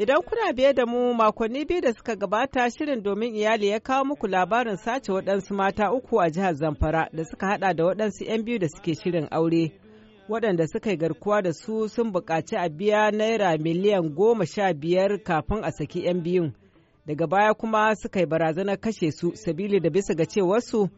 Idan kuna biye da mu makonni biyu da suka gabata shirin domin iyali ya kawo muku labarin sace waɗansu mata uku a jihar Zamfara da suka hada da waɗansu 'yan biyu da suke shirin aure. Waɗanda suka yi garkuwa da su sun buƙaci a biya naira miliyan goma sha biyar kafin a saki 'yan biyun. Daga baya kuma suka yi barazanar kashe su sabili da bisa ga cewarsu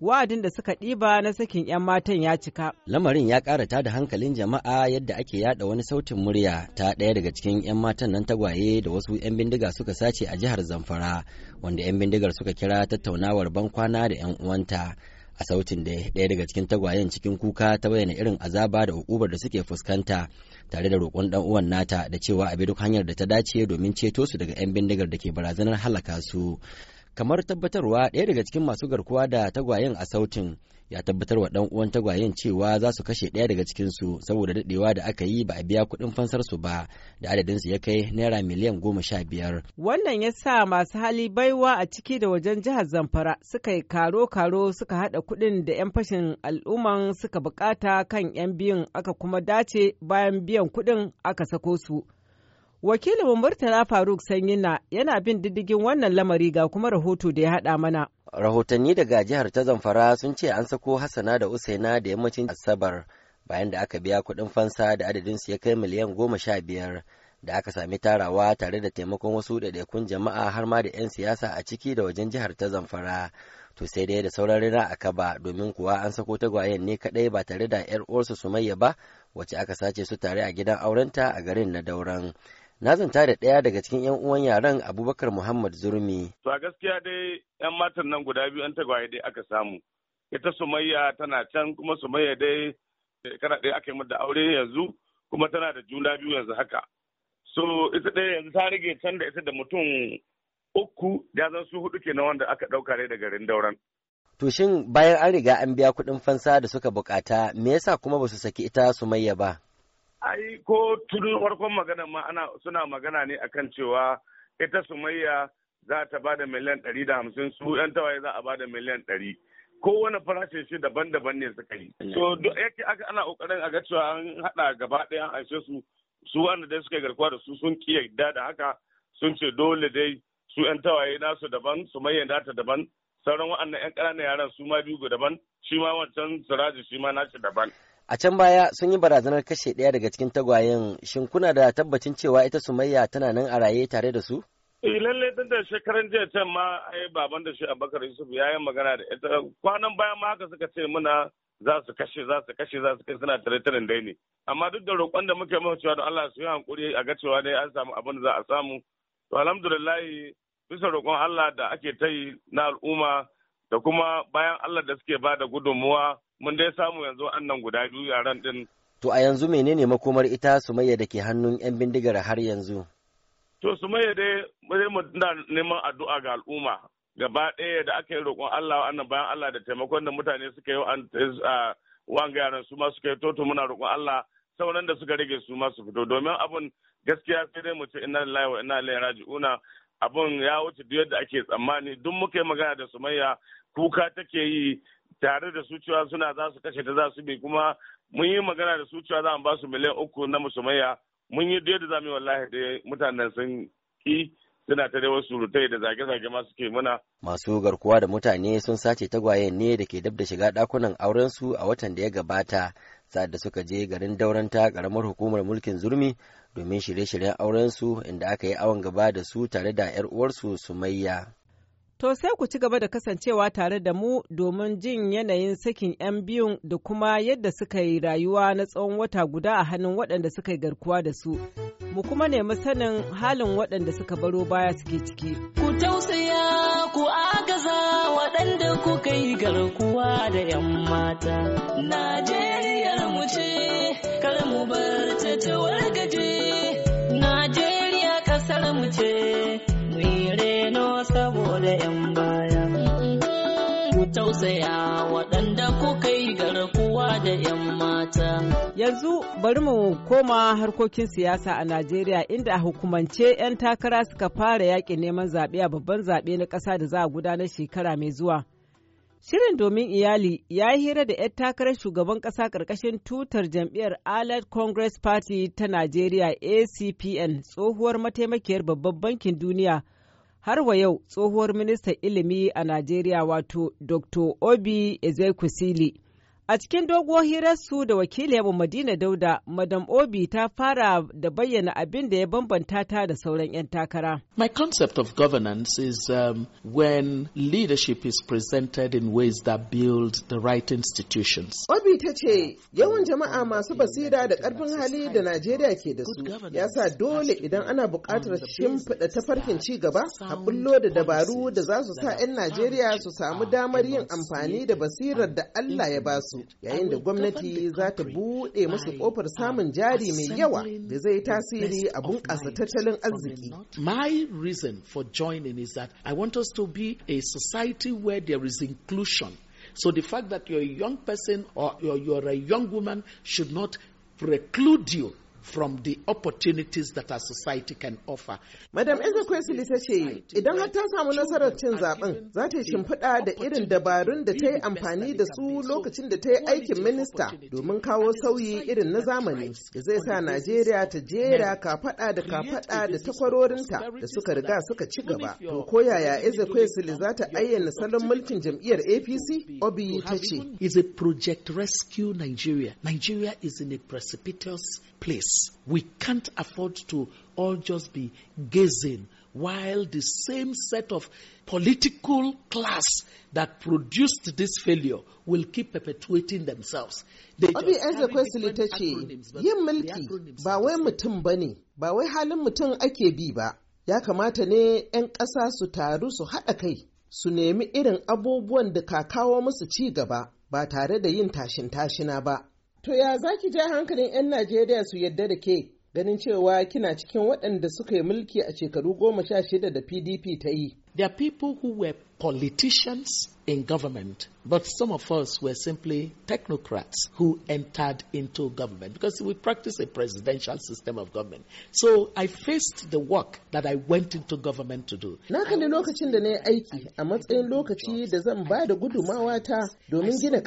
wa'adin da suka ɗiba na sakin 'yan matan ya cika. Lamarin ya ƙara ta da hankalin jama'a yadda ake yaɗa wani sautin murya ta ɗaya daga cikin 'yan matan nan tagwaye da wasu 'yan bindiga suka sace a jihar Zamfara, wanda 'yan bindigar suka kira tattaunawar bankwana da 'yan uwanta. A sautin da ɗaya daga cikin tagwayen cikin kuka ta bayyana irin azaba da hukubar da suke fuskanta tare da roƙon ɗan uwan nata da cewa a bi duk hanyar da ta dace domin ceto su daga 'yan bindigar da ke barazanar halaka su. kamar tabbatarwa ɗaya daga cikin masu garkuwa da tagwayen a sautin ya tabbatar wa dan uwan tagwayen cewa za su kashe ɗaya daga cikin su saboda daɗewa da aka yi ba a biya kuɗin fansar su ba da adadin su ya kai naira miliyan goma sha biyar. Wannan ya sa masu hali baiwa a ciki da wajen jihar Zamfara suka yi karo-karo suka haɗa kuɗin da 'yan fashin al'umman suka bukata kan 'yan biyun aka kuma dace bayan biyan kuɗin aka sako su. Wakilin Murtala Faruk Sanyina yana bin diddigin wannan lamari ga kuma rahoto da ya haɗa mana. Rahotanni daga jihar ta Zamfara sun ce an sako Hassana da Usaina da yammacin Asabar bayan da aka biya kuɗin fansa da adadin su ya kai miliyan goma sha biyar da aka sami tarawa tare da taimakon wasu ɗaiɗaikun jama'a har ma da 'yan siyasa a ciki da wajen jihar ta Zamfara. to sai dai da sauran rina a kaba domin kuwa an sako tagwayen ne kaɗai ba tare da yar uwarsu sumayya ba wacce aka sace su tare a gidan aurenta a garin na dauran na zanta da ɗaya daga cikin 'yan uwan yaren abubakar muhammad zurmi to a gaskiya dai 'yan matan nan guda biyu an tagwaye dai aka samu ita sumayya tana can kuma sumayya dai kana eh, ɗaya aka yi mata aure yanzu kuma tana da juna biyu yanzu haka so ita ɗaya yanzu ta rage can da ita da mutum uku ya zan su hudu kenan wanda aka ɗauka ne daga dauran. To shin bayan an riga an biya kuɗin fansa da suka bukata me yasa kuma ba su saki ita sumayya ba? ai ko tun farkon magana ma ana suna magana ne akan cewa ita sumayya za ta ba da miliyan ɗari da hamsin su yan tawaye za a ba da miliyan ɗari kowane farashin shi daban-daban ne suka yi so mm. duk yake aka ana kokarin a ga cewa an haɗa gaba ɗaya an aishe su su wanda dai suka garkuwa da su sun ki yadda da haka sun ce dole dai su yan tawaye nasu daban sumayya nata daban sauran waɗannan yan ƙananan yaran su ma biyu daban shi ma wancan siraji shi ma shi daban A can baya sun yi barazanar kashe ɗaya daga cikin tagwayen shin kuna da tabbacin cewa ita Sumayya tana nan a raye tare da su? Eh lalle tun da shekaran jiya can ma ai baban da shi Abubakar Yusuf ya yi magana da ita kwanan bayan ma haka suka ce muna za su kashe za su kashe za su kai suna tare tare dai ne amma duk da roƙon da muke mawa cewa da Allah su yi hankuri a ga cewa ne, an samu abin da za a samu to alhamdulillah bisa roƙon Allah da ake ta yi na al'umma da kuma bayan Allah da suke ba da gudunmuwa mun dai samu yanzu annan guda biyu yaran din to a yanzu menene makomar ita sumayya da ke hannun yan bindigar har yanzu to sumayya dai mu da neman addu'a ga al'umma gaba ɗaya da aka yi roƙon Allah annan bayan Allah da taimakon da mutane suka yi wanga eh, yaran su ma suka yi toto muna roƙon Allah sauran da suka rage su ma su fito domin abun gaskiya sai dai mu ce ina lillahi wa inna ilaihi raji'una abun ya wuce duk yadda ake tsammani duk muka yi magana da sumayya kuka take yi tare da su cewa suna za su kashe ta za su bi kuma mun yi magana da su cewa za mu ba su miliyan uku na sumayya mun yi da za mu yi wallahi da mutanen sun ki suna ta dai wasu rutai da zage-zage ma suke muna. Masu garkuwa da mutane sun sace tagwayen ne da ke dab da shiga ɗakunan su a watan da ya gabata sa'ad da suka je garin dauranta karamar hukumar mulkin zurmi domin shirye-shiryen aurensu inda aka yi awon gaba da su tare da 'yar uwarsu sumayya. To sai ku ci gaba da kasancewa tare da mu domin jin yanayin sakin 'yan biyun da kuma yadda suka yi rayuwa na tsawon wata guda a hannun waɗanda suka yi garkuwa da su. Mu kuma nemi sanin halin waɗanda suka baro baya suke ciki. Ku tausaya ku agaza waɗanda kuka yi garkuwa da 'yan mata. Najeriya mu ce, kar mu bar ta ta wargaje. Najeriya ƙasar mu ce, da 'yan baya. Ku tausaya waɗanda kuka yi garkuwa da 'yan mata. Yanzu bari mu koma harkokin siyasa a Najeriya inda a hukumance 'yan takara suka fara yaƙin neman zaɓe a babban zaɓe na ƙasa da za a gudanar shekara mai zuwa. Shirin domin iyali ya yi hira da 'yan takarar shugaban ƙasa ƙarƙashin tutar jam'iyyar Allied Congress Party ta Najeriya ACPN tsohuwar mataimakiyar babban bankin duniya har wa yau tsohuwar ministan ilimi a Najeriya wato Dr. Obi Ezekwesili A cikin doguwar hirarsu da wakiliyarmu Madina Dauda, Madam Obi ta fara da bayyana abin da ya bambanta ta da sauran 'yan takara. My concept of governance is um, when leadership is presented in ways that build the right institutions. Obi ta ce, yawan jama'a masu basira da ƙarfin hali da Najeriya ke da su, ya sa dole idan ana buƙatar shimfiɗa farkin ci gaba, a bullo da dabaru da za su sa 'yan Najeriya su samu damar yin amfani da basirar da Allah ya ba su. gwamnati za ta buɗe musu ƙofar samun jari mai yawa da zai tasiri a bunƙasa tattalin arziki. My reason for joining is that I want us to be a society where there is inclusion. So the fact that you're a young person or you're, you're a young woman should not preclude you from the opportunities that our society can offer. Madam Ezekwesili ta ce idan har ta samu nasarar cin zaben za ta shimfiɗa da irin dabarun da ta yi amfani da su lokacin da ta yi aikin minista domin kawo sauyi irin na zamani da zai sa Najeriya ta jera kafaɗa da kafaɗa da takwarorinta da suka riga suka ci gaba. To ko yaya Ezekwesili za ta ayyana salon mulkin jam'iyyar APC? Obi ta ce. Is a project rescue Nigeria. Nigeria is in a precipitous place. this, we can't afford to all just be gazing while the same set of political class that produced this failure will keep perpetuating themselves. Abi Ezra Kwesili ta ce, yin mulki ba wai mutum ba ne, ba wai halin mutum ake bi ba, ya kamata ne 'yan ƙasa su taru su haɗa kai, su nemi irin abubuwan da ka kawo musu ci gaba ba tare da yin tashin tashina ba. To ya za ki ja hankalin 'yan Najeriya su yadda da ke ganin cewa kina cikin waɗanda suka yi mulki a shekaru goma sha shida da PDP ta yi. The people who were politicians in government, but some of us were simply technocrats who entered into government because we practice a presidential system of government. So I faced the work that I went into government to do. Na kalli lokacin da na aiki a matsayin lokaci da zan ba da gudumawa ta domin gina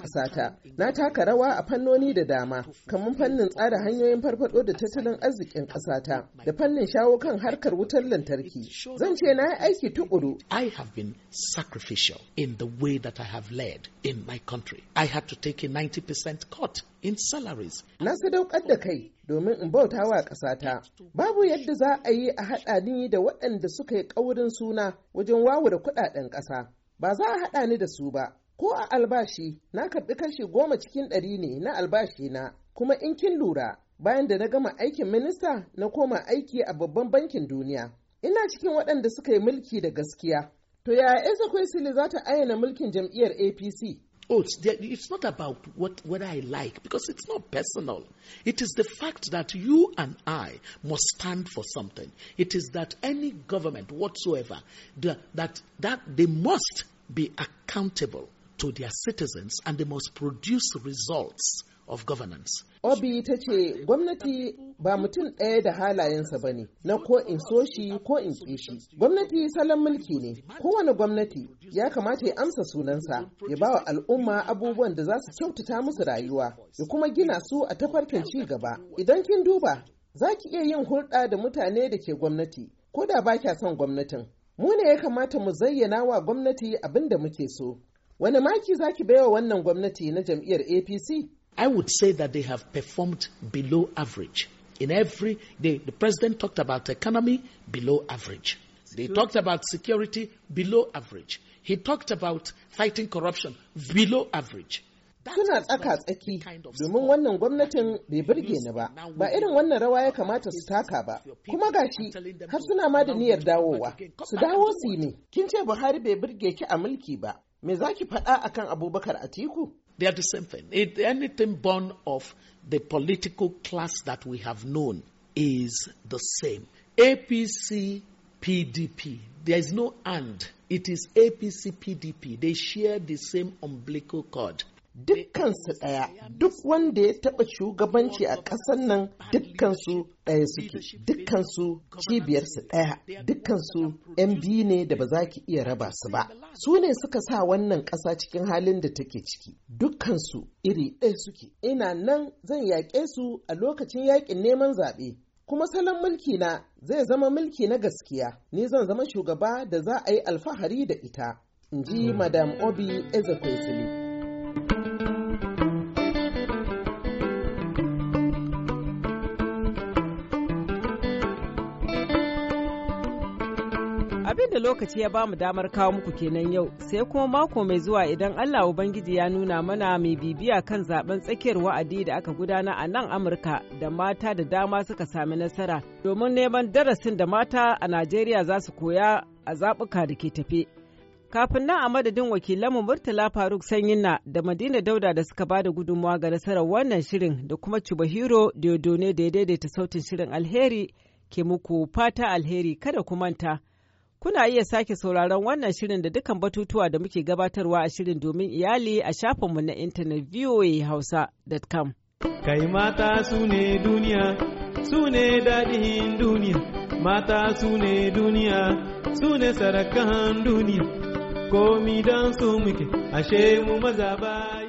Na taka rawa a fannoni da dama, kamar fannin tsara hanyoyin farfado da tattalin arzikin da fannin shawo kan harkar wutar lantarki. Zan ce na aiki tukuru. I have been sacrificial in the way that I have led in my country. I had to take a 90% cut in salaries. Na sadaukar da kai domin in bauta wa ƙasata. Babu yadda za a yi a haɗa ni da waɗanda suka yi ƙaurin suna wajen da kuɗaɗen ƙasa. Ba za a haɗa ni da su ba. Ko a albashi na karɓi kashi goma cikin ɗari ne na albashi na kuma in kin lura bayan da na gama aikin minista na koma aiki a babban bankin duniya. Ina cikin waɗanda suka yi mulki da gaskiya To yaya Esa Kwesili za ta ayyana mulkin jam'iyyar APC? Oh, it's, it's not about what, what I like because it's not personal. It is the fact that you and I must stand for something. It is that any government whatsoever the, that that they must be accountable to their citizens and they must produce results of governance. Obi ta ce gwamnati ba mutum ɗaya da halayensa ba ne na ko in so shi ko in ƙi shi. Gwamnati salon mulki ne, kowane gwamnati ya kamata ya amsa sunansa, ya ba wa al'umma abubuwan da za su kyautata musu rayuwa, ya kuma gina su a tafarkin ci gaba. Idan kin duba, za ki iya yin hulɗa da mutane da ke gwamnati, ko da ba kya son gwamnatin. Mu ne ya kamata mu zayyana wa gwamnati abin da muke so. Wani maki za ki baiwa wannan gwamnati na jam'iyyar APC? I would say that they have performed below average. In every, they, the president talked about economy below average. They talked about security below average. He talked about fighting corruption below average. tsaka tsaki domin wannan gwamnatin bai burge ni ba ba irin wannan rawa ya kamata su taka ba kuma gashi har suna ma da niyyar dawowa su dawo su ne kin ce buhari bai burge ki a mulki ba me za ki faɗa akan abubakar atiku they are the same thing. It, anything born of the political class that we have known is the same. APC, PDP. There is no and. It is APC, PDP. They share the same umbilical cord. dukkansu ɗaya duk wanda ya taɓa shugabanci a ƙasar nan dukkansu ɗaya suke dukkansu cibiyarsu ɗaya dukkansu 'yan biyu ne da ba za ki iya raba su ba su ne suka sa wannan ƙasa cikin halin da take ciki dukkansu iri ɗaya suke ina nan zan yaƙe su a lokacin yaƙin neman zaɓe kuma salon mulki na zai zama mulki na gaskiya ni zan zama shugaba da za a yi alfahari da ita in ji madam obi ezekwesili lokaci ya bamu damar kawo muku kenan yau sai kuma mako mai zuwa idan Allah Ubangiji ya nuna mana mai bibiya kan zaben tsakiyar wa'adi da aka gudana a nan Amurka da mata da dama suka sami nasara domin neman darasin da mata a Najeriya za su koya a zabuka da ke tafe. Kafin nan a madadin wakilanmu Murtala Faruk Sanyinna da Madina Dauda da suka bada gudunmawa ga nasarar wannan shirin da kuma Chubahiro Diodone da ya daidaita sautin shirin alheri ke muku fata alheri kada ku manta. Kuna iya sake sauraron wannan shirin da dukkan batutuwa da muke gabatarwa a shirin domin iyali a shafinmu na intanet voahausa.com. Kai mata su ne duniya, su ne daɗin duniya, mata su ne duniya, su ne sarakan duniya, komi don su muke, ashe mu maza